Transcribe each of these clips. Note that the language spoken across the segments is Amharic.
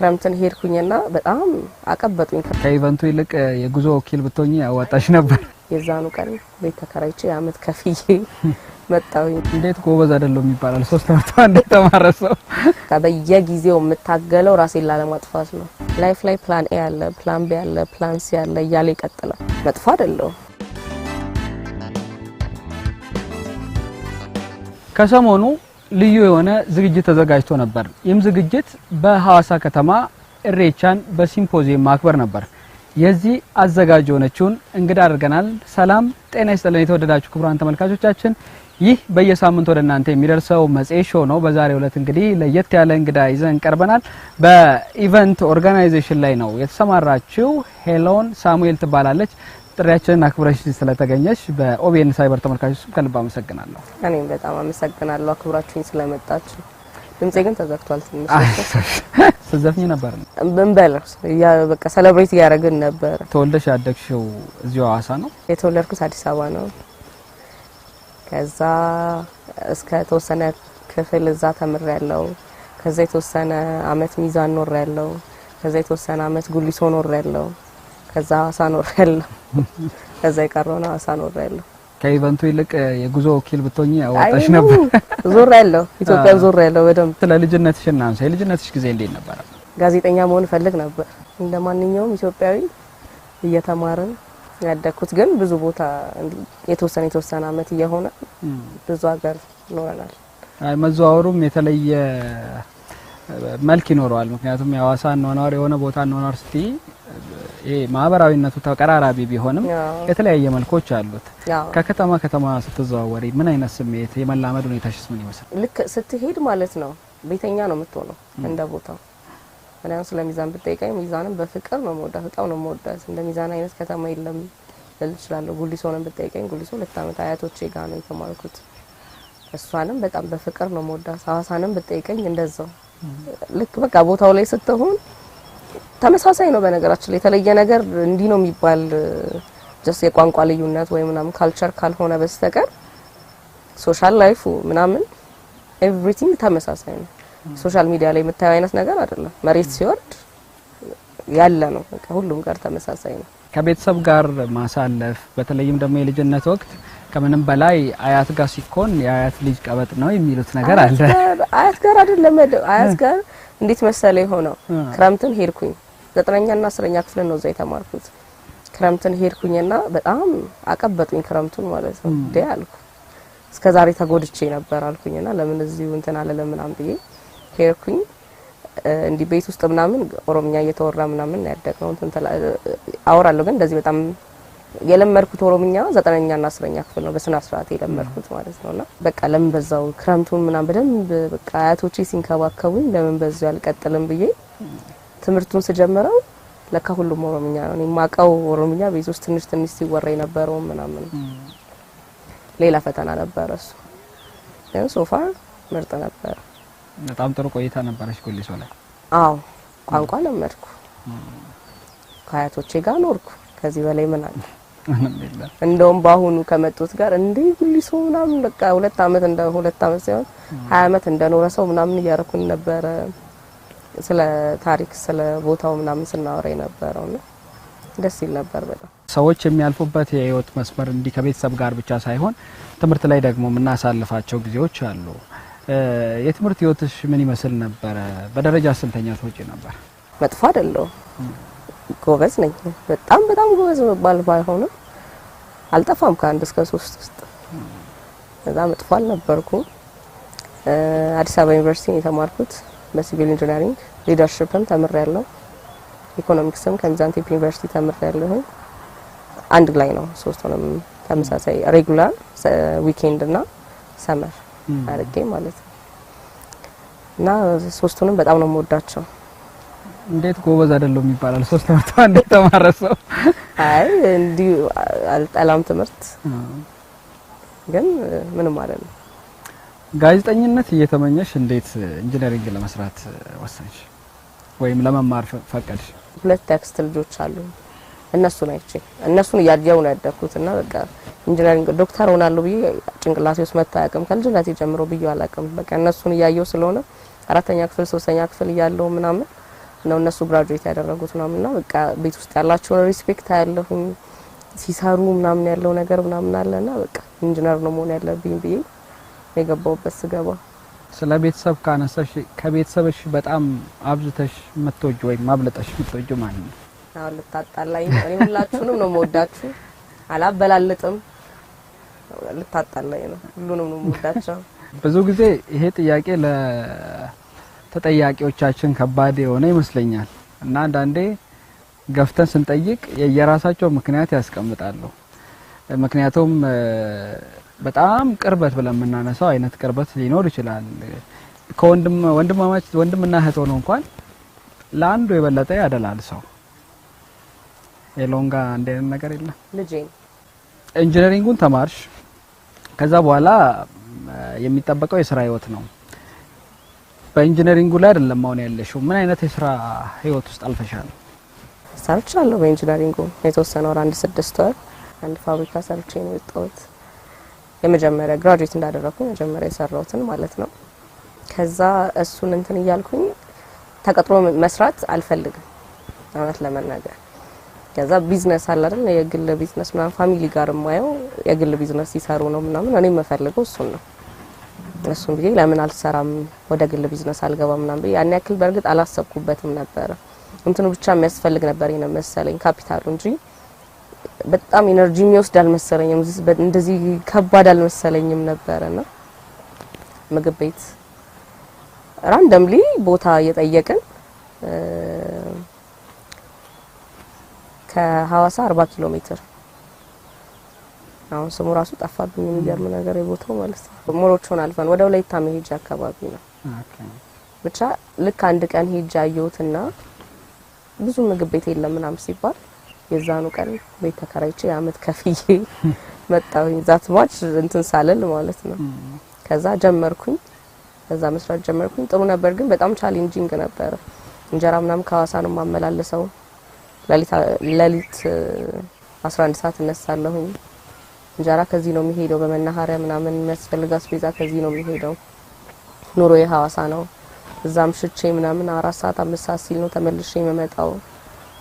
ክረምትን ሄድኩኝና በጣም አቀበጡኝ። ከኢቨንቱ ይልቅ የጉዞ ወኪል ብትሆኝ አዋጣሽ ነበር። የዛኑ ቀን ቤት ተከራይቼ የአመት ከፍዬ መጣሁኝ። እንዴት ጎበዝ አይደለሁም ይባላል? ሶስት መቶ አንድ የተማረ ሰው በየጊዜው የምታገለው ራሴን ላለማጥፋት ነው። ላይፍ ላይ ፕላን ኤ ያለ፣ ፕላን ቤ ያለ፣ ፕላን ሲ ያለ እያለ ይቀጥላል። መጥፎ አይደለሁም። ከሰሞኑ ልዩ የሆነ ዝግጅት ተዘጋጅቶ ነበር። ይህም ዝግጅት በሐዋሳ ከተማ እሬቻን በሲምፖዚየም ማክበር ነበር። የዚህ አዘጋጅ የሆነችውን እንግዳ አድርገናል። ሰላም ጤና ይስጥልን የተወደዳችሁ ክቡራን ተመልካቾቻችን፣ ይህ በየሳምንት ወደ እናንተ የሚደርሰው መጽሔት ሾው ነው። በዛሬው ዕለት እንግዲህ ለየት ያለ እንግዳ ይዘን ቀርበናል። በኢቨንት ኦርጋናይዜሽን ላይ ነው የተሰማራችው። ሄሎን ሳሙኤል ትባላለች። ጥሪያችንን አክብረሽ ስለተገኘሽ በኦቤን ሳይበር ተመልካቾች ስም ከልብ አመሰግናለሁ። እኔም በጣም አመሰግናለሁ አክብራችሁኝ ስለመጣችሁ። ድምፄ ግን ተዘግቷል። ትንሽ ስትዘፍኝ ነበር። ብንበል በቃ ሰለብሬት እያደረግን ነበር። ተወልደሽ ያደግሽው እዚሁ ሀዋሳ ነው? የተወለድኩት አዲስ አበባ ነው። ከዛ እስከ ተወሰነ ክፍል እዛ ተምር ያለው ከዛ የተወሰነ አመት ሚዛን ኖር ያለው ከዛ የተወሰነ አመት ጉሊሶ ኖር ያለው ከዛ ሀዋሳ ኖር ያለው ከዛ የቀረውን ሀዋሳ ኖር ያለው ከኢቨንቱ ይልቅ የጉዞ ወኪል ብትሆኚ አዋጣሽ ነበር። ዞር ያለው ኢትዮጵያ ዞር ያለው በደምብ። ስለ ልጅነትሽ እናንሳ። የልጅነትሽ ጊዜ እንዴት ነበረ? ጋዜጠኛ መሆን እፈልግ ነበር እንደ ማንኛውም ኢትዮጵያዊ እየተማርን ያደግኩት ግን ብዙ ቦታ የተወሰነ የተወሰነ አመት እየሆነ ብዙ ሀገር ኖረናል። አይ መዘዋወሩም የተለየ መልክ ይኖረዋል። ምክንያቱም የሀዋሳ ኗኗር የሆነ ቦታ ኗኗር ስትይ ማህበራዊነቱ ተቀራራቢ ቢሆንም የተለያየ መልኮች አሉት። ከከተማ ከተማ ስትዘዋወሪ ምን አይነት ስሜት የመላመድ ሁኔታሽስ ምን ይመስል? ልክ ስትሄድ ማለት ነው ቤተኛ ነው የምትሆነው እንደ ቦታው። ምክንያቱም ስለ ሚዛን ብጠይቀኝ ሚዛንም በፍቅር ነው መወዳት፣ በጣም ነው መወዳት። እንደ ሚዛን አይነት ከተማ የለም ልል እችላለሁ። ጉሊሶ ነው ጉሊሶ ሁለት ዓመት አያቶቼ ጋር ነው የተማርኩት። እሷንም በጣም በፍቅር ነው መወዳት። ሀዋሳንም ብጠይቀኝ እንደዛው ልክ በቃ ቦታው ላይ ስትሆን ተመሳሳይ ነው። በነገራችን ላይ የተለየ ነገር እንዲህ ነው የሚባል ጀስት የቋንቋ ልዩነት ወይ ምናምን ካልቸር ካልሆነ በስተቀር ሶሻል ላይፉ ምናምን ኤቭሪቲንግ ተመሳሳይ ነው። ሶሻል ሚዲያ ላይ የምታየው አይነት ነገር አይደለም። መሬት ሲወርድ ያለ ነው። በቃ ሁሉም ጋር ተመሳሳይ ነው። ከቤተሰብ ጋር ማሳለፍ በተለይም ደግሞ የልጅነት ወቅት ከምንም በላይ አያት ጋር ሲኮን የአያት ልጅ ቀበጥ ነው የሚሉት ነገር አለ። አያት ጋር አይደለም አያት ጋር እንዴት መሰለ የሆነው ክረምትን ሄድኩኝ። ዘጠነኛና አስረኛ ክፍል ነው እዛ የተማርኩት። ክረምትን ሄድኩኝና በጣም አቀበጡኝ ክረምቱን ማለት ነው። ዴ አልኩ እስከዛሬ ተጎድቼ ነበር አልኩኝና ለምን እዚሁ እንትን አለ ለምናምን ብዬ ሄድኩኝ። እንዲህ ቤት ውስጥ ምናምን ኦሮምኛ እየተወራ ምናምን ያደግነው እንትን አወራለሁ ግን እንደዚህ በጣም የለመድኩት ኦሮምኛ ዘጠነኛ ና አስረኛ ክፍል ነው በስነ ስርዓት የለመድኩት ማለት ነውና በቃ ለምን በዛው ክረምቱን ምናም በደንብ በቃ አያቶቼ ሲንከባከቡኝ ለምን በዛው ያልቀጥልም ብዬ ትምህርቱን ስጀምረው ለካ ሁሉም ኦሮምኛ ነው። እኔ ኦሮምኛ ቤት ውስጥ ትንሽ ትንሽ ሲወራ የነበረው ምናምን ሌላ ፈተና ነበረ እሱ። ግን ሶፋር ምርጥ ነበረ። በጣም ጥሩ ቆይታ ነበረች ኮሌጅ ላይ። አዎ ቋንቋ ለመድኩ፣ ከአያቶቼ ጋር ኖርኩ። ከዚህ በላይ ምን አለ? እንደውም በአሁኑ ከመጡት ጋር እንደ ጉሊ ሰው ምናምን በቃ ሁለት አመት እንደ ሁለት አመት ሳይሆን ሀያ አመት እንደኖረ ሰው ምናምን እያረኩኝ ነበረ። ስለ ታሪክ ስለ ቦታው ምናምን ስናወራ የነበረው ነው። ደስ ይል ነበር በጣም ሰዎች የሚያልፉበት የህይወት መስመር እንዲህ ከቤተሰብ ጋር ብቻ ሳይሆን ትምህርት ላይ ደግሞ የምናሳልፋቸው ጊዜዎች አሉ። የትምህርት ህይወትሽ ምን ይመስል ነበረ? በደረጃ ስንተኛ ትወጪ ነበር? መጥፎ አይደለሁም። ጎበዝ ነኝ። በጣም በጣም ጎበዝ መባል ባይሆንም አልጠፋም ከአንድ እስከ ሶስት ውስጥ እዛ መጥፎ አልነበርኩም። አዲስ አበባ ዩኒቨርሲቲ የተማርኩት በሲቪል ኢንጂነሪንግ ሊደርሽፕም ተምር ያለው ኢኮኖሚክስም ከሚዛንቴፕ ዩኒቨርሲቲ ተምር አንድ ላይ ነው። ሶስቱንም ተመሳሳይ ሬጉላር ዊኬንድ እና ሰመር አድርጌ ማለት ነው እና ሶስቱንም በጣም ነው የምወዳቸው። እንዴት ጎበዝ አይደለም ይባላል? ሶስት ትምህርት አንድ ተማረሰው። አይ እንዲሁ አልጠላም ትምህርት ግን ምንም ማለት ነው። ጋዜጠኝነት እየተመኘሽ እንዴት ኢንጂነሪንግ ለመስራት ወሰንሽ ወይም ለመማር ፈቀድሽ? ሁለት ያክስት ልጆች አሉ። እነሱን አይቼ እነሱን እያየሁ ነው ያደኩት እና በቃ ኢንጂነሪንግ ዶክተር ሆናለሁ ብዬ ጭንቅላቴ ውስጥ መጥቶ አያውቅም። ከልጅነቴ ጀምሮ ብዬ አላውቅም። በቃ እነሱን እያየሁ ስለሆነ አራተኛ ክፍል ሶስተኛ ክፍል እያለሁ ምናምን ነው እነሱ ግራጁዌት ያደረጉት ምናምን እና በቃ ቤት ውስጥ ያላቸውን ሪስፔክት አያለሁኝ ሲሰሩ ምናምን ያለው ነገር ምናምን አለና በቃ ኢንጂነር ነው መሆን ያለብኝ ብዬ የገባውበት ስገባ። ስለ ቤተሰብ ካነሳሽ ከቤተሰብሽ በጣም አብዝተሽ የምትወጂው ወይም አብልጠሽ የምትወጂው ማለት ነው? አሁን ልታጣላኝ እኔ ሁላችሁንም ነው የምወዳችሁ፣ አላበላልጥም። ልታጣላኝ ነው ሁሉንም ነው የምወዳቸው። ብዙ ጊዜ ይሄ ጥያቄ ለ ተጠያቂዎቻችን ከባድ የሆነ ይመስለኛል እና አንዳንዴ ገፍተን ስንጠይቅ የየራሳቸው ምክንያት ያስቀምጣሉ። ምክንያቱም በጣም ቅርበት ብለን የምናነሳው አይነት ቅርበት ሊኖር ይችላል። ከወንድም ወንድማማች ወንድምና እህት ሆኖ እንኳን ለአንዱ የበለጠ ያደላል ሰው። የሎንጋ እንደ አይነት ነገር የለም። ልጄ ኢንጂነሪንጉን ተማርሽ፣ ከዛ በኋላ የሚጠበቀው የስራ ህይወት ነው። በኢንጂነሪንጉ ላይ አይደለም አሁን ያለሽው። ምን አይነት የስራ ህይወት ውስጥ አልፈሻል? ሰርቻለሁ። በኢንጂነሪንጉ የተወሰነ ወር አንድ ስድስት ወር አንድ ፋብሪካ ሰርቼ ነው የወጣሁት። የመጀመሪያ ግራጁዌት እንዳደረኩኝ መጀመሪያ የሰራሁትን ማለት ነው። ከዛ እሱን እንትን እያልኩኝ ተቀጥሮ መስራት አልፈልግም እውነት ለመናገር ከዛ ቢዝነስ አለ አይደል የግል ቢዝነስ ምናምን ፋሚሊ ጋር የማየው የግል ቢዝነስ ሲሰሩ ነው ምናምን እኔ የምፈልገው እሱን ነው እሱን ብዬ ለምን አልሰራም ወደ ግል ቢዝነስ አልገባም ምናምን ብዬ ያን ያክል በእርግጥ አላሰብኩበትም ነበረ። እንትኑ ብቻ የሚያስፈልግ ነበር መሰለኝ ካፒታሉ እንጂ በጣም ኢነርጂ የሚወስድ አልመሰለኝም። እንደዚህ ከባድ አልመሰለኝም ነበረና ምግብ ቤት ራንደምሊ ቦታ እየጠየቅን ከሀዋሳ 40 ኪሎ ሜትር አሁን ስሙ ራሱ ጠፋብኝ። የሚገርም ነገር የቦታው ማለት ነው። ሞሮቾን አልፈን ወደ ወላይታ መሄጃ አካባቢ ነው። ብቻ ልክ አንድ ቀን ሄጃ አየሁትና ብዙ ምግብ ቤት የለም ምናምን ሲባል የዛኑ ቀን ቤት ተከራይቼ የአመት ከፍዬ መጣሁኝ። ዛት ማች እንትን ሳለል ማለት ነው። ከዛ ጀመርኩኝ፣ ከዛ መስራት ጀመርኩኝ። ጥሩ ነበር፣ ግን በጣም ቻሌንጂንግ ነበረ። እንጀራ ምናምን ከሀዋሳ ነው የማመላለሰው። ለሊት 11 ሰዓት እነሳለሁኝ እንጀራ ከዚህ ነው የሚሄደው፣ በመናኸሪያ ምናምን የሚያስፈልግ አስቤዛ ከዚህ ነው የሚሄደው። ኑሮ የሀዋሳ ነው። እዛም ሽቼ ምናምን አራት ሰዓት አምስት ሰዓት ሲል ነው ተመልሼ የመመጣው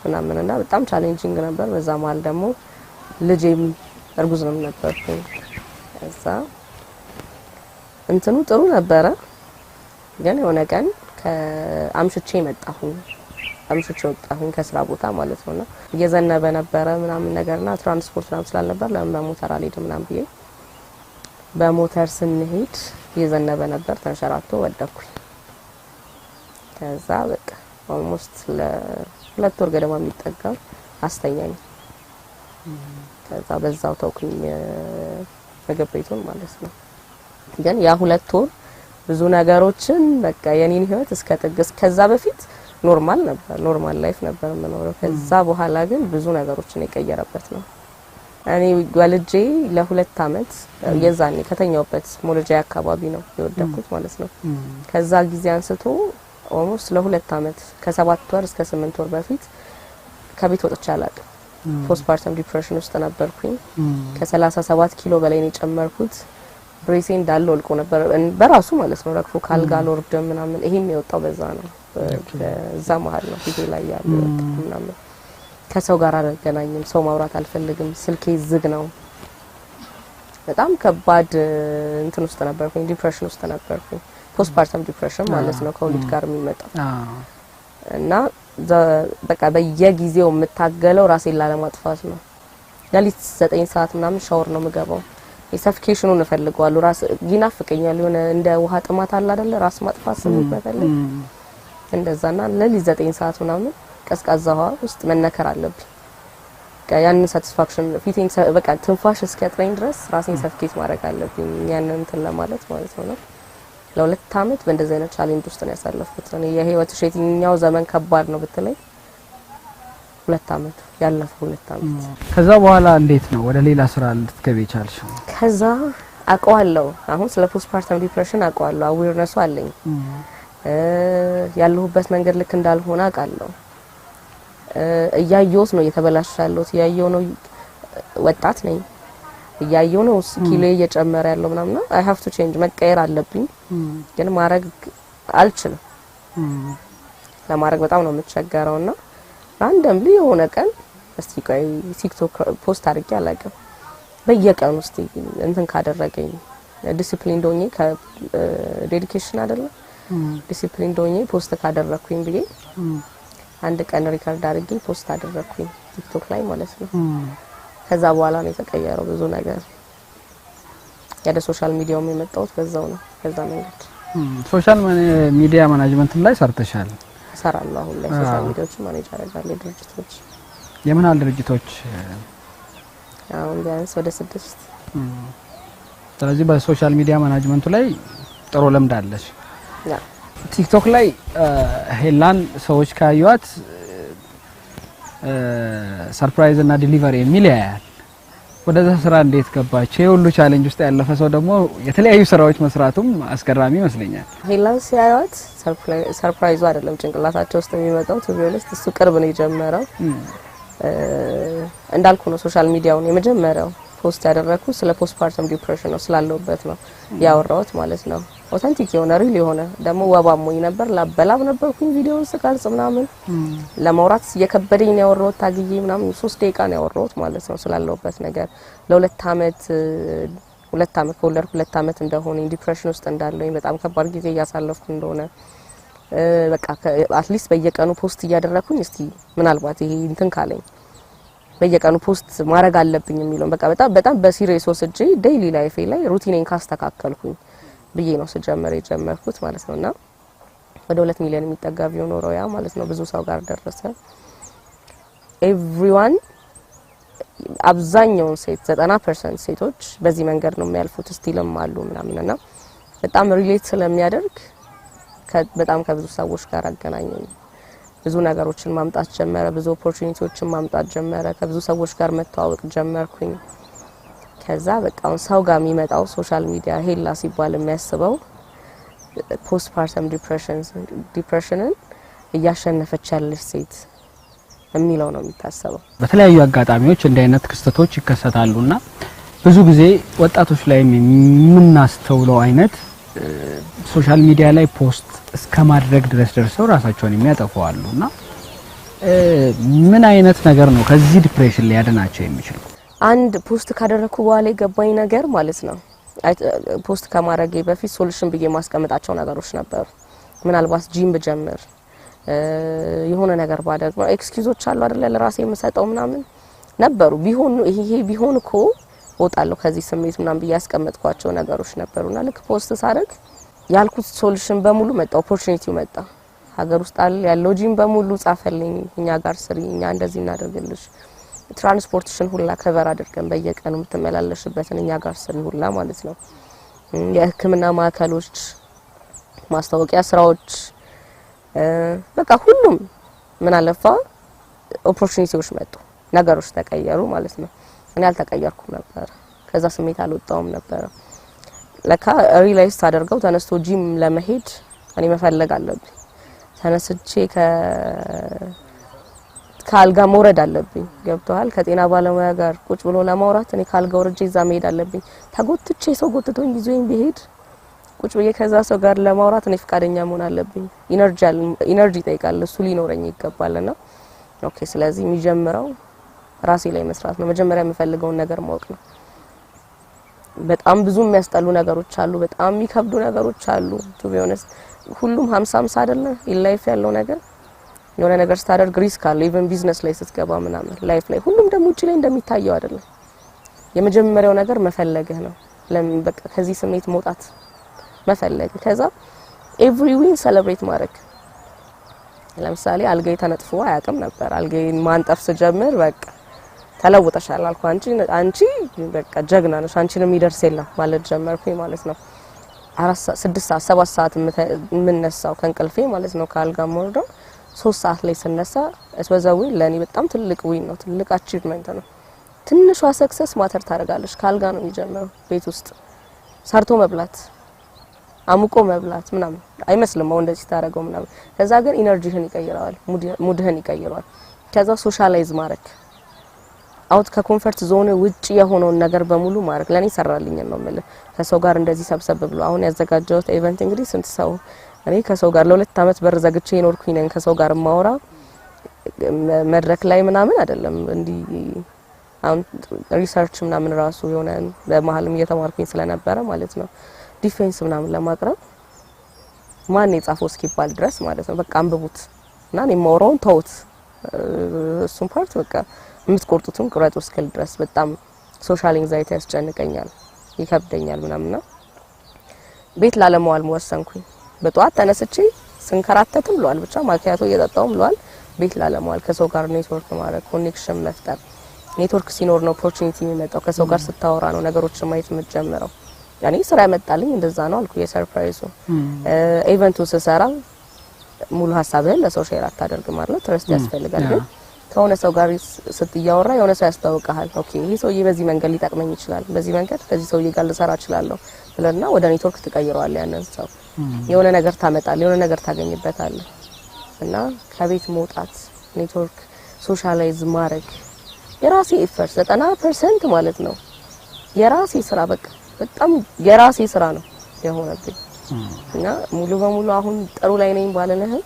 ምናምን እና በጣም ቻሌንጂንግ ነበር። በዛ መሀል ደግሞ ልጄም እርጉዝ ነው ነበርኩኝ። እዛ እንትኑ ጥሩ ነበረ፣ ግን የሆነ ቀን ከአምሽቼ መጣሁኝ አምሽቼ ወጣሁኝ ከስራ ቦታ ማለት ነው። ና እየዘነበ ነበረ ምናምን ነገር ና ትራንስፖርት ናም ስላልነበር ለምን በሞተር አልሄድም ምናም ብዬ በሞተር ስንሄድ እየዘነበ ነበር። ተንሸራቶ ወደኩኝ። ከዛ በቃ ኦልሞስት ለሁለት ወር ገደማ የሚጠጋ አስተኛኝ። ከዛ በዛው ተውኩኝ ምግብ ቤቱን ማለት ነው። ግን ያ ሁለት ወር ብዙ ነገሮችን በቃ የኔን ህይወት እስከ ጥግ ከዛ በፊት ኖርማል ነበር፣ ኖርማል ላይፍ ነበር የምኖረው። ከዛ በኋላ ግን ብዙ ነገሮችን የቀየረበት ነው። እኔ ወልጄ ለሁለት አመት የዛኔ ከተኛውበት ሞሎጃ አካባቢ ነው የወደኩት ማለት ነው። ከዛ ጊዜ አንስቶ ኦልሞስት ለሁለት አመት ከሰባት ወር እስከ ስምንት ወር በፊት ከቤት ወጥቼ አላቅ ፖስት ፓርተም ዲፕሬሽን ውስጥ ነበርኩኝ። ከሰላሳ ሰባት ኪሎ በላይ ነው የጨመርኩት። ሬሴ እንዳለ ወልቆ ነበር በራሱ ማለት ነው። ረግፎ ካልጋ አልወርድም ምናምን ይሄም የወጣው በዛ ነው። በዛ መሀል ነው ፊቴ ላይ ያለ ምናምን። ከሰው ጋር አልገናኝም፣ ሰው ማውራት አልፈልግም፣ ስልኬ ዝግ ነው። በጣም ከባድ እንትን ውስጥ ነበርኩኝ፣ ዲፕሬሽን ውስጥ ነበርኩኝ። ፖስት ፓርተም ዲፕሬሽን ማለት ነው ከወሊድ ጋር የሚመጣው እና በቃ በየጊዜው የምታገለው ራሴን ላለማጥፋት ነው። ለሊት ዘጠኝ ሰዓት ምናምን ሻወር ነው የምገባው የሰፊኬሽኑን እፈልገዋለሁ። ራስ ይናፍቀኛል። የሆነ እንደ ውሃ ጥማት አለ አይደለ? ራስ ማጥፋት ስሜት መፈለግ እንደዛና ለሊት ዘጠኝ ሰዓት ምናምን ቀዝቃዛ ውሃ ውስጥ መነከር አለብኝ። ያንን ሳቲስፋክሽን ፊቴን በቃ ትንፋሽ እስኪያጥረኝ ድረስ ራሴን ሰፍኬት ማድረግ አለብኝ። ያንን እንትን ለማለት ማለት ነው። ነው ለሁለት አመት በእንደዚህ አይነት ቻሌንጅ ውስጥ ነው ያሳለፍኩት። እኔ የህይወት የትኛው ዘመን ከባድ ነው ብትለኝ ሁለት አመት ያለፈው ሁለት አመት። ከዛ በኋላ እንዴት ነው ወደ ሌላ ስራ ልትገቢ የቻልሽው? ከዛ አውቀዋለሁ አሁን ስለ ፖስትፓርተም ዲፕሬሽን አውቀዋለሁ፣ አዌርነሱ አለኝ። ያለሁበት መንገድ ልክ እንዳልሆነ አውቃለሁ። እያየሁት ነው እየተበላሸ ያለሁት እያየሁ ነው። ወጣት ነኝ እያየው ነው ኪሎ እየጨመረ ያለው ምናምን አይ ሃቭ ቱ ቼንጅ መቀየር አለብኝ፣ ግን ማድረግ አልችልም። ለማድረግ በጣም ነው ና። ራንደምሊ የሆነ ቀን እስቲ ቆይ ቲክቶክ ፖስት አድርጌ አላውቅም። በየቀኑ እስቲ እንትን ካደረገኝ ዲሲፕሊን እንደሆኜ ከዴዲኬሽን አይደለም ዲሲፕሊን እንደሆኜ ፖስት ካደረኩኝ ብዬ አንድ ቀን ሪከርድ አድርጌ ፖስት አደረኩኝ ቲክቶክ ላይ ማለት ነው። ከዛ በኋላ ነው የተቀየረው ብዙ ነገር። ወደ ሶሻል ሚዲያውም የመጣሁት በዛው ነው፣ ከዛ መንገድ ሶሻል ሚዲያ ማናጅመንትም ላይ ሰርተሻል። እሰራለሁ። አሁን ላይ ሶሻል ሚዲያዎችን ማኔጅ አደርጋለሁ። ድርጅቶች የምን ያህል ድርጅቶች? አሁን ቢያንስ ወደ ስድስት። ስለዚህ በሶሻል ሚዲያ ማናጅመንቱ ላይ ጥሩ ልምድ አለች። ቲክቶክ ላይ ሄላን ሰዎች ካዩት ሰርፕራይዝ እና ዲሊቨሪ የሚል ያያል ወደዛ ስራ እንዴት ገባች? ይህ ሁሉ ቻሌንጅ ውስጥ ያለፈ ሰው ደግሞ የተለያዩ ስራዎች መስራቱም አስገራሚ ይመስለኛል። ሄላን ሲያዩት ሰርፕራይዙ አይደለም ጭንቅላታቸው ውስጥ የሚመጣው ቱ ቱቢዮንስ እሱ ቅርብ ነው የጀመረው እንዳልኩ ነው። ሶሻል ሚዲያውን የመጀመሪያው ፖስት ያደረኩ ስለ ፖስት ፓርተም ዲፕሬሽን ነው ስላለውበት ነው ያወራሁት ማለት ነው። ኦተንቲክ የሆነ ሪል የሆነ ደግሞ ወባሞኝ ነበር ላበላብ ነበርኩኝ ቪዲዮውን ስቀርጽ ምናምን ለማውራት የከበደኝ ነው ያወራሁት። ታግዬ ምናምን ሶስት ደቂቃ ነው ያወራሁት ማለት ነው ስላለሁበት ነገር ለሁለት አመት ሁለት አመት ከወለድኩ ሁለት አመት እንደሆነ ዲፕሬሽን ውስጥ እንዳለኝ በጣም ከባድ ጊዜ እያሳለፍኩ እንደሆነ በቃ አትሊስት በየቀኑ ፖስት እያደረኩኝ እስቲ ምናልባት ይሄ እንትን ካለኝ በየቀኑ ፖስት ማድረግ አለብኝ የሚለውን በቃ በጣም በጣም በሲሪየስ ወስጄ ዴይሊ ላይፌ ላይ ሩቲኔን ካስተካከልኩኝ ብዬ ነው ስጀምር የጀመርኩት ማለት ነው እና ወደ ሁለት ሚሊዮን የሚጠጋ ቪው ኖረው ያ ማለት ነው ብዙ ሰው ጋር ደረሰ። ኤቭሪዋን አብዛኛውን ሴት ዘጠና ፐርሰንት ሴቶች በዚህ መንገድ ነው የሚያልፉት። ስቲልም አሉ ምናምን በጣም ሪሌት ስለሚያደርግ በጣም ከብዙ ሰዎች ጋር አገናኘኝ። ብዙ ነገሮችን ማምጣት ጀመረ። ብዙ ኦፖርቹኒቲዎችን ማምጣት ጀመረ። ከብዙ ሰዎች ጋር መተዋወቅ ጀመርኩኝ። ከዛ በቃ ሰው ጋር የሚመጣው ሶሻል ሚዲያ ሄላ ሲባል የሚያስበው ፖስት ፓርተም ዲፕሬሽንን እያሸነፈች ያለች ሴት የሚለው ነው የሚታሰበው። በተለያዩ አጋጣሚዎች እንዲህ አይነት ክስተቶች ይከሰታሉና ብዙ ጊዜ ወጣቶች ላይ የምናስተውለው አይነት ሶሻል ሚዲያ ላይ ፖስት እስከ ማድረግ ድረስ ደርሰው ራሳቸውን የሚያጠፉ አሉና ምን አይነት ነገር ነው ከዚህ ዲፕሬሽን ሊያድናቸው የሚችለው? አንድ ፖስት ካደረኩ በኋላ የገባኝ ነገር ማለት ነው ፖስት ከማድረጌ በፊት ሶሉሽን ብዬ ማስቀመጣቸው ነገሮች ነበሩ። ምናልባት ጂም ብጀምር የሆነ ነገር ባደርግ ኤክስኪዞች አሉ አደለ ለራሴ የምሰጠው ምናምን ነበሩ። ቢሆን ይሄ ቢሆን እኮ ወጣለሁ ከዚህ ስሜት ምናምን ብዬ ያስቀመጥኳቸው ነገሮች ነበሩና ልክ ፖስት ሳደርግ ያልኩት ሶሉሽን በሙሉ መጣ። ኦፖርቹኒቲው መጣ። ሀገር ውስጥ ያለው ጂም በሙሉ ጻፈልኝ፣ እኛ ጋር ስሪ፣ እኛ እንደዚህ እናደርግልሽ ትራንስፖርትሽን ሁላ ከቨር አድርገን በየቀኑ የምትመላለሽበትን እኛ ጋር ስን ሁላ ማለት ነው። የህክምና ማዕከሎች፣ ማስታወቂያ ስራዎች፣ በቃ ሁሉም ምን አለፋ ኦፖርቹኒቲዎች መጡ፣ ነገሮች ተቀየሩ ማለት ነው። እኔ አልተቀየርኩም ነበረ፣ ከዛ ስሜት አልወጣውም ነበረ። ለካ ሪላይዝ ታደርገው ተነስቶ ጂም ለመሄድ እኔ መፈለግ አለብኝ ተነስቼ ከ ከአልጋ መውረድ አለብኝ። ገብተዋል። ከጤና ባለሙያ ጋር ቁጭ ብሎ ለማውራት እኔ ከአልጋ ወርጄ እዛ መሄድ አለብኝ። ተጎትቼ ሰው ጎትቶኝ ይዞኝ ቢሄድ ቁጭ ብዬ ከዛ ሰው ጋር ለማውራት እኔ ፈቃደኛ መሆን አለብኝ። ኢነርጂ ይጠይቃል። እሱ ሊኖረኝ ይገባልና ኦኬ። ስለዚህ የሚጀምረው ራሴ ላይ መስራት ነው። መጀመሪያ የምፈልገውን ነገር ማወቅ ነው። በጣም ብዙ የሚያስጠሉ ነገሮች አሉ። በጣም የሚከብዱ ነገሮች አሉ። ቱ ቢ ሁሉም ሀምሳ ሀምሳ አይደለ ኢን ላይፍ ያለው ነገር የሆነ ነገር ስታደርግ ሪስክ አለ። ኢቨን ቢዝነስ ላይ ስትገባ ምናምን ላይፍ ላይ ሁሉም ደግሞ ውጭ ላይ እንደሚታየው አይደለም። የመጀመሪያው ነገር መፈለግህ ነው። ለምን በቃ ከዚህ ስሜት መውጣት መፈለግ፣ ከዛ ኤቭሪ ዊን ሰለብሬት ማድረግ። ለምሳሌ አልጋዬ ተነጥፎ አያውቅም ነበር። አልጋዬን ማንጠፍ ስጀምር በቃ ተለውጠሻል አልኩ። አንቺ አንቺ በቃ ጀግና ነሽ፣ አንቺን የሚደርስ የለም ማለት ጀመርኩኝ ማለት ነው። አራት ስድስት ሰዓት ሰባት ሰዓት የምነሳው ከእንቅልፌ ማለት ነው ከአልጋ ወርደው ሶስት ሰዓት ላይ ስነሳ እስበዛ ለእኔ በጣም ትልቅ ዊን ነው፣ ትልቅ አቺቭመንት ነው። ትንሿ ሰክሰስ ማተር ታደርጋለች። ካልጋ ነው የሚጀምረው። ቤት ውስጥ ሰርቶ መብላት፣ አሙቆ መብላት ምናምን አይመስልም አሁን እንደዚህ ታደርገው ምናምን። ከዛ ግን ኢነርጂህን ይቀይረዋል፣ ሙድህን ይቀይረዋል። ከዛ ሶሻላይዝ ማድረግ አውት ከኮንፈርት ዞን ውጭ የሆነውን ነገር በሙሉ ማድረግ ለኔ ሰራልኝ ነው የምልህ። ከሰው ጋር እንደዚህ ሰብሰብ ብሎ አሁን ያዘጋጀሁት ኢቨንት እንግዲህ ስንት ሰው እኔ ከሰው ጋር ለሁለት አመት በር ዘግቼ የኖርኩኝ ነኝ። ከሰው ጋር ማውራ መድረክ ላይ ምናምን አይደለም እንዲህ አሁን ሪሰርች ምናምን ራሱ የሆነ በመሀልም እየተማርኩኝ ስለነበረ ማለት ነው ዲፌንስ ምናምን ለማቅረብ ማን የጻፈው እስኪባል ድረስ ማለት ነው በቃ አንብቡት እና እኔ የማወራውን ተውት፣ እሱን ፓርት በቃ የምትቆርጡትም ቁረጡ እስክል ድረስ በጣም ሶሻል ኤንግዛይቲ ያስጨንቀኛል፣ ይከብደኛል ምናምንና ቤት ላለመዋል መወሰንኩኝ። በጠዋት ተነስቼ ስንከራተትም ብሏል ብቻ ማኪያቶ እየጠጣውም ብሏል ቤት ላለመዋል ከሰው ጋር ኔትወርክ ማድረግ ኮኔክሽን መፍጠር ኔትወርክ ሲኖር ነው ኦፖርቹኒቲ የሚመጣው። ከሰው ጋር ስታወራ ነው ነገሮችን ማየት የምትጀምረው። ያኔ ስራ ያመጣልኝ እንደዛ ነው አልኩ። የሰርፕራይዙ ኢቨንቱ ስሰራ ሙሉ ሀሳብህን ለሰው ሼር አታደርግም ማለት ትረስት ያስፈልጋል ግን ከሆነ ሰው ጋር ስትያወራ የሆነ ሰው ያስተዋውቀሃል። ኦኬ ይህ ሰውዬ በዚህ መንገድ ሊጠቅመኝ ይችላል፣ በዚህ መንገድ ከዚህ ሰውዬ ጋር ልሰራ እችላለሁ ብለና ወደ ኔትወርክ ትቀይረዋለህ። ያንን ሰው የሆነ ነገር ታመጣል የሆነ ነገር ታገኝበታለህ። እና ከቤት መውጣት፣ ኔትወርክ፣ ሶሻላይዝ ማድረግ የራሴ ኢፈርት ዘጠና ፐርሰንት ማለት ነው የራሴ ስራ በቃ በጣም የራሴ ስራ ነው የሆነብኝ እና ሙሉ በሙሉ አሁን ጥሩ ላይ ነኝ ባልንህም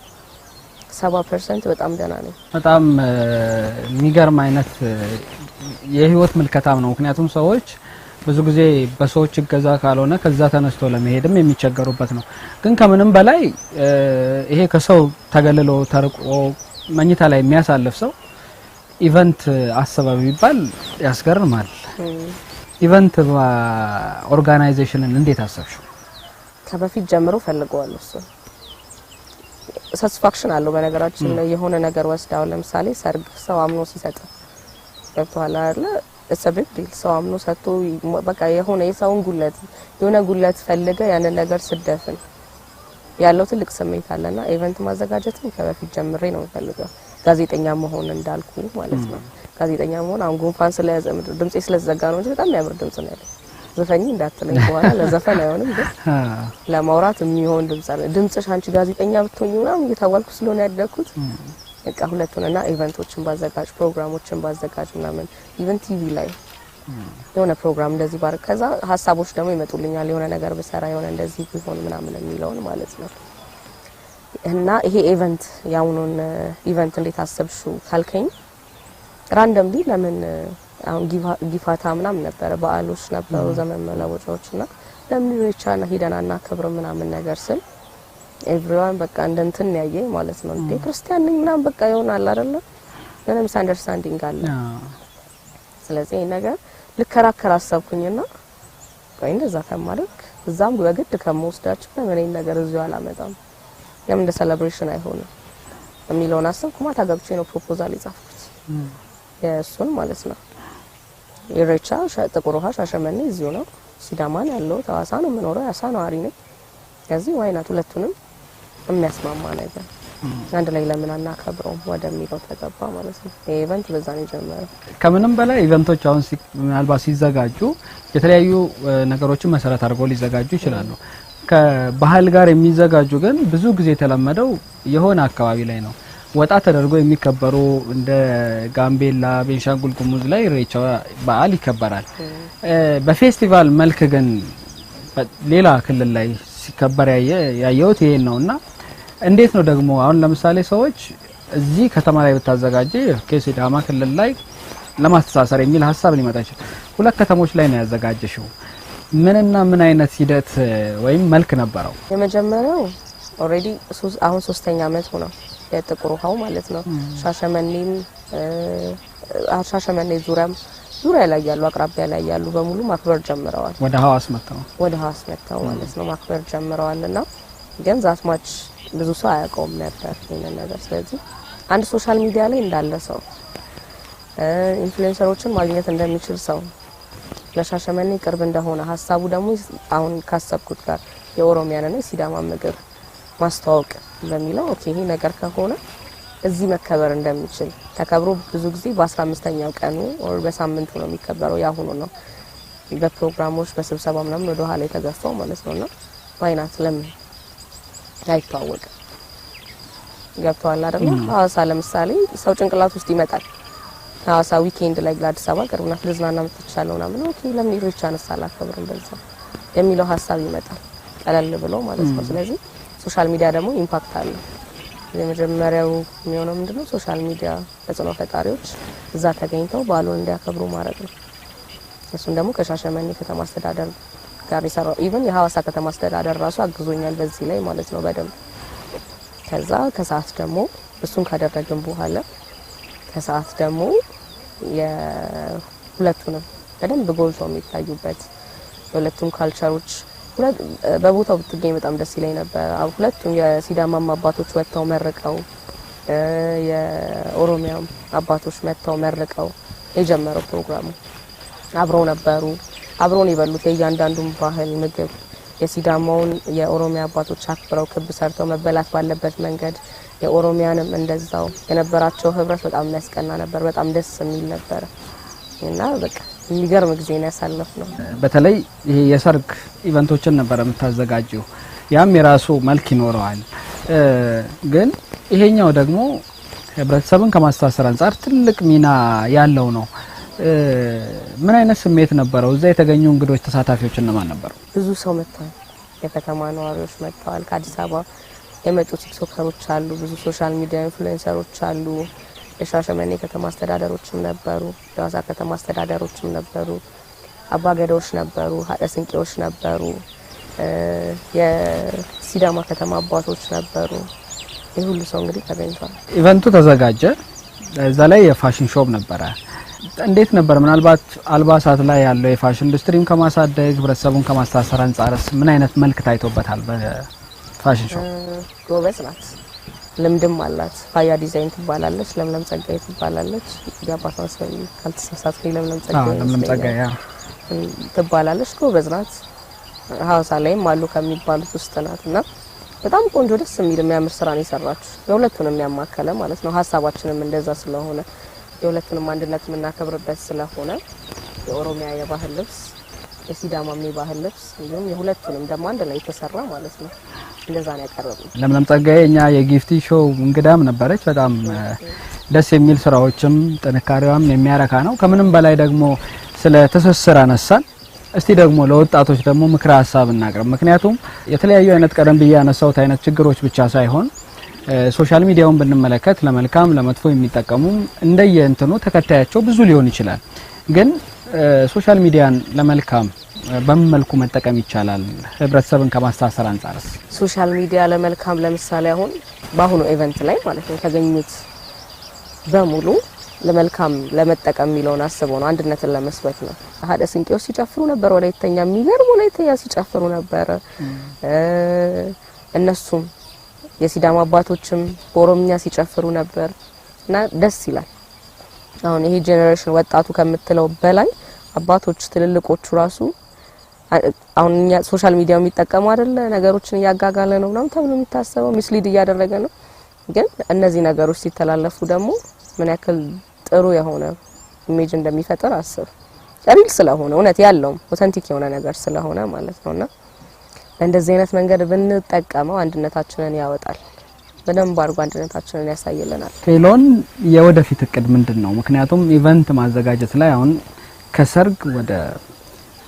ሰባ ፐርሰንት በጣም ደህና ነኝ። በጣም የሚገርም አይነት የህይወት ምልከታም ነው። ምክንያቱም ሰዎች ብዙ ጊዜ በሰዎች እገዛ ካልሆነ ከዛ ተነስቶ ለመሄድም የሚቸገሩበት ነው። ግን ከምንም በላይ ይሄ ከሰው ተገልሎ ተርቆ መኝታ ላይ የሚያሳልፍ ሰው ኢቨንት አሰባቢ ቢባል ያስገርማል። ኢቨንት ኦርጋናይዜሽንን እንዴት አሰብሽው? ከበፊት ጀምሮ ፈልገዋለሁ እሱ ሳቲስፋክሽን አለው። በነገራችን የሆነ ነገር ወስዳው ለምሳሌ ሰርግ ሰው አምኖ ሲሰጥ ገብቶሃል አይደለ? ሰብቅ ዲል ሰው አምኖ ሰጥቶ በቃ የሆነ የሰውን ጉለት የሆነ ጉለት ፈልገ ያንን ነገር ስደፍን ያለው ትልቅ ስሜት አለና ኢቨንት ማዘጋጀትም ከበፊት ጀምሬ ነው ፈልገው ጋዜጠኛ መሆን እንዳልኩ ማለት ነው። ጋዜጠኛ መሆን አሁን ጉንፋን ስለያዘ ድምጼ ስለተዘጋ ነው እንጂ በጣም የሚያምር ድምጽ ነው ያለው። ዘፈኝ እንዳትለኝ በኋላ ለዘፈን አይሆንም፣ ግን ለማውራት የሚሆን ድምጽ አለ። ድምጽሽ አንቺ ጋዜጠኛ ብትሆኝ ምናምን እየተባልኩ ስለሆነ ያደግኩት በቃ ሁለቱን እና ኢቨንቶችን ባዘጋጅ ፕሮግራሞችን ባዘጋጅ ምናምን ኢቨን ቲቪ ላይ የሆነ ፕሮግራም እንደዚህ ባር ከዛ ሀሳቦች ደግሞ ይመጡልኛል። የሆነ ነገር ብሰራ የሆነ እንደዚህ ቢሆን ምናምን የሚለውን ማለት ነው። እና ይሄ ኢቨንት የአሁኑን ኢቨንት እንዴት አሰብሹ ካልከኝ ራንደምሊ ለምን አሁን ጊፋታ ምናምን ነበረ፣ በዓሎች ነበሩ፣ ዘመን መለወጫዎች እና ለምን ሬቻና ሂደን አናከብር ምናምን ነገር ስል ኤቭሪዋን በቃ እንደንትን ያየኝ ማለት ነው። እንዴ ክርስቲያን ነኝ ምናምን በቃ ይሆናል አይደለ? ምንም ሳንደርስታንዲንግ አለ። ስለዚህ ይሄ ነገር ልከራከር አሰብኩኝና ቆይ እንደዛ ከማድረግ እዛም በግድ ከመወስዳችሁ ለምን ይሄን ነገር እዚሁ አላመጣም፣ ለምን እንደ ሴሌብሬሽን አይሆንም የሚለውን አሰብኩ። ማታ ገብቼ ነው ፕሮፖዛል የጻፍኩት የእሱን ማለት ነው። ኢሬቻ፣ ጥቁር ውሃ፣ ሻሸመኔ እዚሁ ነው። ሲዳማን ያለው ሐዋሳ ነው የምኖረው። ያሳ ነዋሪ ነኝ። ከዚህ ዋይናት ሁለቱንም የሚያስማማ ነገር አንድ ላይ ለምን አናከብረውም ወደሚለው ተገባ ማለት ነው። ኢቨንት በዛ ነው የጀመረው። ከምንም በላይ ኢቨንቶች አሁን ምናልባት ሲዘጋጁ የተለያዩ ነገሮችን መሰረት አድርገው ሊዘጋጁ ይችላሉ። ከባህል ጋር የሚዘጋጁ ግን ብዙ ጊዜ የተለመደው የሆነ አካባቢ ላይ ነው። ወጣ ተደርጎ የሚከበሩ እንደ ጋምቤላ፣ ቤንሻንጉል ጉሙዝ ላይ ኢሬቻ በዓል ይከበራል። በፌስቲቫል መልክ ግን ሌላ ክልል ላይ ሲከበር ያየሁት ይሄን ነው እና እንዴት ነው ደግሞ አሁን ለምሳሌ ሰዎች እዚህ ከተማ ላይ ብታዘጋጀ ከሲዳማ ክልል ላይ ለማስተሳሰር የሚል ሀሳብ ሊመጣ ይችላል። ሁለት ከተሞች ላይ ነው ያዘጋጀሽው። ምንና ምን አይነት ሂደት ወይም መልክ ነበረው? የመጀመሪያው ኦልሬዲ አሁን ሶስተኛ አመት ነው የጥቁር ውሃው ማለት ነው። ሻሸመኔም ሻሸመኔ ዙሪያም ዙሪያ ላይ ያሉ አቅራቢያ ላይ ያሉ በሙሉ ማክበር ጀምረዋል። ወደ ሀዋስ መጥተው ወደ ሀዋስ መጥተው ማለት ነው ማክበር ጀምረዋል። እና ግን ዛትማች ብዙ ሰው አያውቀውም ነበር ይህንን ነገር። ስለዚህ አንድ ሶሻል ሚዲያ ላይ እንዳለ ሰው ኢንፍሉዌንሰሮችን ማግኘት እንደሚችል ሰው ለሻሸመኔ ቅርብ እንደሆነ ሀሳቡ ደግሞ አሁን ካሰብኩት ጋር የኦሮሚያንና የሲዳማ ምግብ ማስተዋወቅ በሚለው ኦኬ ይሄ ነገር ከሆነ እዚህ መከበር እንደሚችል ተከብሮ ብዙ ጊዜ በ15ኛው ቀኑ ኦር በሳምንቱ ነው የሚከበረው። ያሁኑ ነው በፕሮግራሞች በስብሰባ ምናምን ወደ ኋላ የተገፋው ማለት ነውና ዋይናት ለምን አይተዋወቅም? ገብተዋል አይደል? ሀዋሳ ለምሳሌ ሰው ጭንቅላት ውስጥ ይመጣል። ሀዋሳ ዊኬንድ ላይ ለአዲስ አበባ ቅርብ ናት፣ ልዝናና የምትቻለው ምናምን ኦኬ ለምን ኢሬቻን አላከብርም በዛ የሚለው ሀሳብ ይመጣል ቀለል ብሎ ማለት ነው። ስለዚህ ሶሻል ሚዲያ ደግሞ ኢምፓክት አለው። የመጀመሪያው የሚሆነው ምንድነው? ሶሻል ሚዲያ ተጽዕኖ ፈጣሪዎች እዛ ተገኝተው በዓሉን እንዲያከብሩ ማድረግ ነው። እሱም ደግሞ ከሻሸመኔ ከተማ አስተዳደር ጋር የሰራው ኢቨን የሀዋሳ ከተማ አስተዳደር ራሱ አግዞኛል በዚህ ላይ ማለት ነው በደንብ። ከዛ ከሰዓት ደግሞ እሱን ካደረግን በኋላ ከሰዓት ደግሞ የሁለቱንም በደንብ ጎልተው የሚታዩበት የሁለቱም ካልቸሮች በቦታው ብትገኝ በጣም ደስ ይለኝ ነበር። ሁለቱም የሲዳማም አባቶች ወጥተው መርቀው የኦሮሚያም አባቶች መጥተው መርቀው የጀመረው ፕሮግራሙ አብረው ነበሩ። አብረውን የበሉት የእያንዳንዱን ባህል ምግብ የሲዳማውን የኦሮሚያ አባቶች አክብረው ክብ ሰርተው መበላት ባለበት መንገድ የኦሮሚያንም እንደዛው የነበራቸው ህብረት በጣም የሚያስቀና ነበር። በጣም ደስ የሚል ነበር እና በቃ የሚገርም ጊዜ ነው ያሳለፍ ነው። በተለይ ይሄ የሰርግ ኢቨንቶችን ነበር የምታዘጋጀው፣ ያም የራሱ መልክ ይኖረዋል። ግን ይሄኛው ደግሞ ህብረተሰብን ከማስተሳሰር አንጻር ትልቅ ሚና ያለው ነው። ምን አይነት ስሜት ነበረው? እዛ የተገኙ እንግዶች ተሳታፊዎች እነማን ነበሩ? ብዙ ሰው መጥተዋል። የከተማ ነዋሪዎች መጥተዋል። ከአዲስ አበባ የመጡ ቲክቶከሮች አሉ። ብዙ ሶሻል ሚዲያ ኢንፍሉዌንሰሮች አሉ። የሻሸመኔ ከተማ አስተዳደሮችም ነበሩ፣ የዋዛ ከተማ አስተዳደሮችም ነበሩ፣ አባገዳዎች ነበሩ፣ ሀደ ስንቄዎች ነበሩ፣ የሲዳማ ከተማ አባቶች ነበሩ። ይህ ሁሉ ሰው እንግዲህ ተገኝቷል። ኢቨንቱ ተዘጋጀ። እዛ ላይ የፋሽን ሾው ነበረ። እንዴት ነበር? ምናልባት አልባሳት ላይ ያለው የፋሽን ኢንዱስትሪም ከማሳደግ ህብረተሰቡን ከማስተሳሰር አንጻርስ ምን አይነት መልክ ታይቶበታል? በፋሽን ሾው ጎበዝ ናት ልምድም አላት። ፋያ ዲዛይን ትባላለች። ለምለም ጸጋይ ትባላለች። የአባቷ ስም ካልተሳሳትኩኝ ለምለም ጸጋዬ ትባላለች። ጎበዝ ናት። ሀዋሳ ላይም አሉ ከሚባሉት ውስጥ ናት እና በጣም ቆንጆ ደስ የሚል የሚያምር ስራ ነው የሰራችሁ። የሁለቱንም የሚያማከለ ማለት ነው። ሀሳባችንም እንደዛ ስለሆነ የሁለቱንም አንድነት የምናከብርበት ስለሆነ የኦሮሚያ የባህል ልብስ፣ የሲዳማም የባህል ልብስ እንዲሁም የሁለቱንም ደግሞ አንድ ላይ የተሰራ ማለት ነው እንደዛ ነው ያቀረብነው። ለምለም ጸጋዬ እኛ የጊፍቲ ሾው እንግዳም ነበረች። በጣም ደስ የሚል ስራዎችም ጥንካሬዋም የሚያረካ ነው። ከምንም በላይ ደግሞ ስለ ትስስር አነሳን። እስቲ ደግሞ ለወጣቶች ደግሞ ምክረ ሀሳብ እናቅርብ። ምክንያቱም የተለያዩ አይነት ቀደም ብዬ ያነሳሁት አይነት ችግሮች ብቻ ሳይሆን ሶሻል ሚዲያውን ብንመለከት ለመልካም ለመጥፎ የሚጠቀሙ እንትኑ ተከታያቸው ብዙ ሊሆን ይችላል። ግን ሶሻል ሚዲያን ለመልካም በምን መልኩ መጠቀም ይቻላል? ህብረተሰብን ከማስተሳሰር አንጻርስ ሶሻል ሚዲያ ለመልካም ለምሳሌ አሁን በአሁኑ ኢቨንት ላይ ማለት ነው የተገኙት በሙሉ ለመልካም ለመጠቀም የሚለውን አስበው ነው፣ አንድነትን ለመስበት ነው። ሀደ ስንቄው ሲጨፍሩ ነበር፣ ወላይተኛ የሚገርም ወላይተኛ ሲጨፍሩ ነበር። እነሱም የሲዳማ አባቶችም በኦሮምኛ ሲጨፍሩ ነበር እና ደስ ይላል። አሁን ይሄ ጄኔሬሽን ወጣቱ ከምትለው በላይ አባቶች ትልልቆቹ ራሱ አሁን እኛ ሶሻል ሚዲያው የሚጠቀሙ አይደለ ነገሮችን እያጋጋለ ነው ምናምን ተብሎ የሚታሰበው ሚስሊድ እያደረገ ነው። ግን እነዚህ ነገሮች ሲተላለፉ ደግሞ ምን ያክል ጥሩ የሆነ ኢሜጅ እንደሚፈጥር አስብ። ሪል ስለሆነ እውነት ያለውም ኦተንቲክ የሆነ ነገር ስለሆነ ማለት ነውና በእንደዚህ አይነት መንገድ ብንጠቀመው አንድነታችንን ያወጣል። በደንብ አድርጎ አንድነታችንን ያሳይልናል። ፌሎን የወደፊት እቅድ ምንድን ነው? ምክንያቱም ኢቨንት ማዘጋጀት ላይ አሁን ከሰርግ ወደ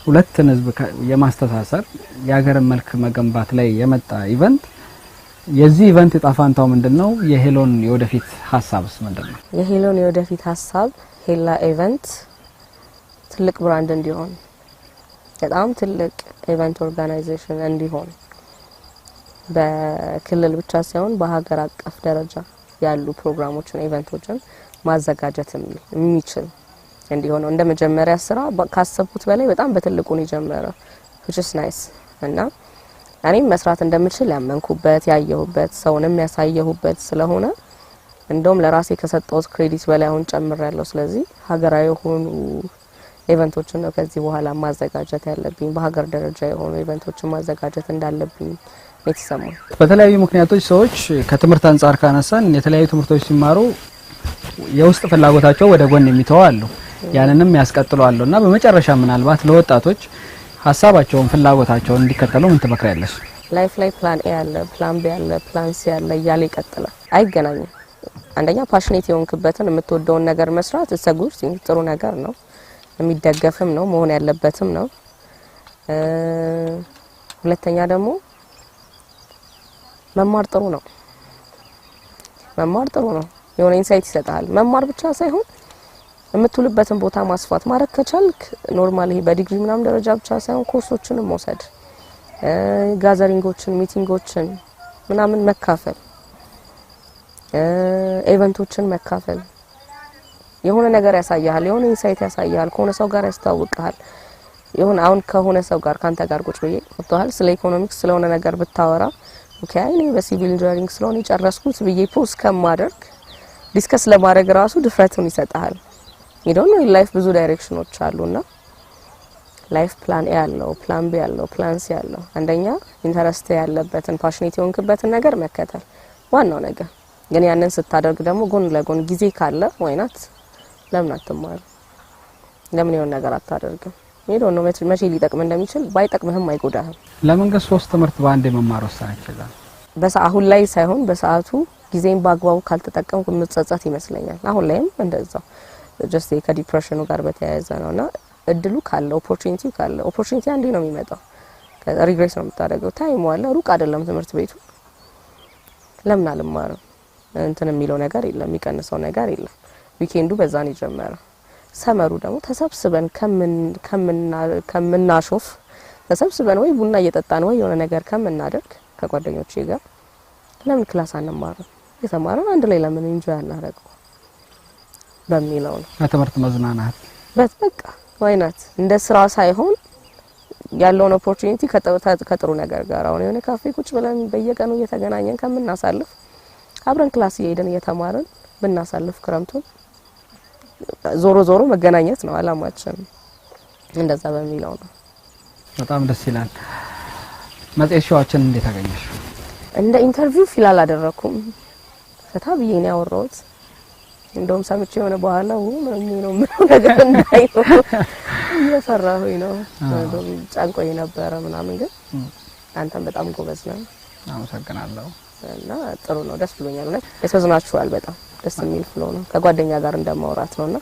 ሁለትን ህዝብ የማስተሳሰር የሀገርን መልክ መገንባት ላይ የመጣ ኢቨንት የዚህ ኢቨንት የጣፋንታው ምንድን ነው? የሄሎን የወደፊት ሀሳብስ ምንድን ነው? የሄሎን የወደፊት ሀሳብ ሄላ ኢቨንት ትልቅ ብራንድ እንዲሆን በጣም ትልቅ ኢቨንት ኦርጋናይዜሽን እንዲሆን በክልል ብቻ ሳይሆን በሀገር አቀፍ ደረጃ ያሉ ፕሮግራሞችን ኢቨንቶችን ማዘጋጀት የሚችል እንዲሆነው እንደ መጀመሪያ ስራ ካሰብኩት በላይ በጣም በትልቁ ነው የጀመረው is nice እና እኔም መስራት እንደምችል ያመንኩበት ያየሁበት ሰውንም ያሳየሁበት ስለሆነ እንደውም ለራሴ ከሰጠሁት ክሬዲት በላይ አሁን ጨምር ያለው። ስለዚህ ሀገራዊ የሆኑ ኢቨንቶችን ነው ከዚህ በኋላ ማዘጋጀት ያለብኝ፣ በሀገር ደረጃ የሆኑ ኢቨንቶችን ማዘጋጀት እንዳለብኝ የተሰማኝ። በተለያዩ ምክንያቶች ሰዎች ከትምህርት አንጻር ካነሳን የተለያዩ ትምህርቶች ሲማሩ የውስጥ ፍላጎታቸው ወደ ጎን የሚተው አሉ፣ ያንንም ያስቀጥሉ አሉ እና በመጨረሻ ምናልባት ለወጣቶች ሀሳባቸውን ፍላጎታቸውን እንዲከተሉ ምን ትመክሪያለሽ? ላይፍ ላይ ፕላን ኤ አለ፣ ፕላን ቢ አለ፣ ፕላን ሲ አለ እያለ ይቀጥላል። አይገናኝም። አንደኛ ፓሽኔት የሆንክበትን የምትወደውን ነገር መስራት እሰጉር ጥሩ ነገር ነው፣ የሚደገፍም ነው፣ መሆን ያለበትም ነው። ሁለተኛ ደግሞ መማር ጥሩ ነው። መማር ጥሩ ነው። የሆነ ኢንሳይት ይሰጣል። መማር ብቻ ሳይሆን የምትውልበትን ቦታ ማስፋት ማድረግ ከቻልክ ኖርማል ይሄ በዲግሪ ምናምን ደረጃ ብቻ ሳይሆን ኮርሶችንም መውሰድ፣ ጋዘሪንጎችን፣ ሚቲንጎችን ምናምን መካፈል፣ ኤቨንቶችን መካፈል የሆነ ነገር ያሳያል፣ የሆነ ኢንሳይት ያሳያል፣ ከሆነ ሰው ጋር ያስተዋውቃል። የሆነ አሁን ከሆነ ሰው ጋር ካንተ ጋር ቁጭ ብዬ ወጥቷል ስለ ኢኮኖሚክስ ስለሆነ ነገር ብታወራ ኦኬ፣ እኔ በሲቪል ኢንጂነሪንግ ስለሆነ የጨረስኩት ብዬ ፖስት ከማደርግ ዲስከስ ለማድረግ ራሱ ድፍረቱን ይሰጣል። ሚዶን ላይፍ ብዙ ዳይሬክሽኖች አሉና ላይፍ ፕላን ኤ ያለው ፕላን ቢ ያለው ፕላን ሲ ያለው አንደኛ ኢንተረስት ያለበትን ፓሽኔት የሆንክበትን ነገር መከተል ዋናው ነገር ግን ያንን ስታደርግ ደግሞ ጎን ለጎን ጊዜ ካለ ወይናት ለምን አትማር ለምን የሆነ ነገር አታደርግም? ሜዶን ነው መቼ ሊጠቅም እንደሚችል ባይጠቅምህም አይጎዳህም። ግን ሶስት ትምህርት በአንድ የመማር ወሳን ይችላል አሁን ላይ ሳይሆን በሰዓቱ ጊዜን በአግባቡ ካልተጠቀምኩ የምጸጸት ይመስለኛል። አሁን ላይም እንደዛው ጀስት ከዲፕሬሽኑ ጋር በተያያዘ ነውና እድሉ ካለ ኦፖርቹኒቲው ካለ ኦፖርቹኒቲ አንዴ ነው የሚመጣው። ሪግሬስ ነው የምታደርገው። ታይም ዋለ ሩቅ አይደለም ትምህርት ቤቱ። ለምን አልማርም እንትን የሚለው ነገር የለም፣ የሚቀንሰው ነገር የለም። ዊኬንዱ በዛን የጀመረው ሰመሩ ደግሞ ተሰብስበን ከምናሾፍ ተሰብስበን ወይ ቡና እየጠጣን ወይ የሆነ ነገር ከምናደርግ ከጓደኞቼ ጋር ለምን ክላስ አንማርም? የተማረን አንድ ላይ ለምን እንጂ አናደርገው በሚለው ነው። በትምህርት መዝናናት በት በቃ ወይናት እንደ ስራ ሳይሆን ያለውን ኦፖርቹኒቲ ከጥሩ ነገር ጋር አሁን የሆነ ካፌ ቁጭ ብለን በየቀኑ እየተገናኘን ከምናሳልፍ አብረን ክላስ እየሄደን እየተማረን ብናሳልፍ ክረምቱን ዞሮ ዞሮ መገናኘት ነው አላማችን። እንደዛ በሚለው ነው። በጣም ደስ ይላል። መጽሔት ሸዋችን እንዴት አገኘሽ? እንደ ኢንተርቪው ፊል አላደረኩም። ፈታ ብዬ ነው ያወራሁት። እንደውም ሰምቼ የሆነ በኋላ ምንም ነው ምንም ነገር እንዳይሆን እየፈራሁኝ ነው። ጨንቆኝ ነበረ ምናምን፣ ግን አንተም በጣም ጎበዝ ነህ። አመሰግናለሁ። እና ጥሩ ነው፣ ደስ ብሎኛል። እውነት ያስመዝናችኋል። በጣም ደስ የሚል ፍሎ ነው። ከጓደኛ ጋር እንደማውራት ነውና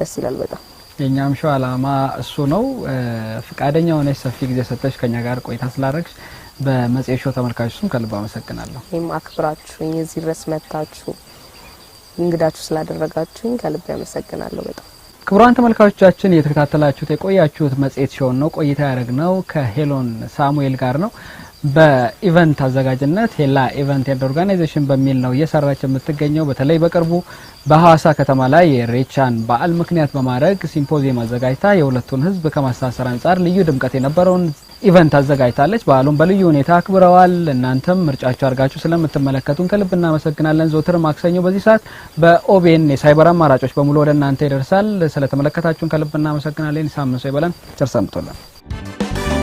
ደስ ይላል በጣም የኛም ሸው አላማ እሱ ነው። ፍቃደኛ ሆነሽ ሰፊ ጊዜ ሰጠሽ ከኛ ጋር ቆይታ ስላደረግሽ በመጽሔት ሾው ተመልካቾች ስም ከልብ አመሰግናለሁ። ይህም አክብራችሁኝ እዚህ ድረስ መታችሁ እንግዳችሁ ስላደረጋችሁኝ ከልብ አመሰግናለሁ። በጣም ክቡራን ተመልካቾቻችን እየተከታተላችሁት የቆያችሁት መጽሔት ሾው ነው። ቆይታ ያደረግነው ከሄሎን ሳሙኤል ጋር ነው። በኢቨንት አዘጋጅነት ሄላ ኢቨንት ኤንድ ኦርጋናይዜሽን በሚል ነው እየሰራች የምትገኘው። በተለይ በቅርቡ በሐዋሳ ከተማ ላይ የሬቻን በዓል ምክንያት በማድረግ ሲምፖዚየም አዘጋጅታ የሁለቱን ሕዝብ ከማሳሰር አንጻር ልዩ ድምቀት የነበረውን ኢቨንት አዘጋጅታለች። በዓሉን በልዩ ሁኔታ አክብረዋል። እናንተም ምርጫቸው አድርጋችሁ ስለምትመለከቱን ከልብ እናመሰግናለን። ዘውትር ማክሰኞ በዚህ ሰዓት በኦቤን የሳይበር አማራጮች በሙሉ ወደ እናንተ ይደርሳል። ስለተመለከታችሁን ከልብ እናመሰግናለን። ሳምንት ሰው ይበለን። ቸር ሰንብቱልን።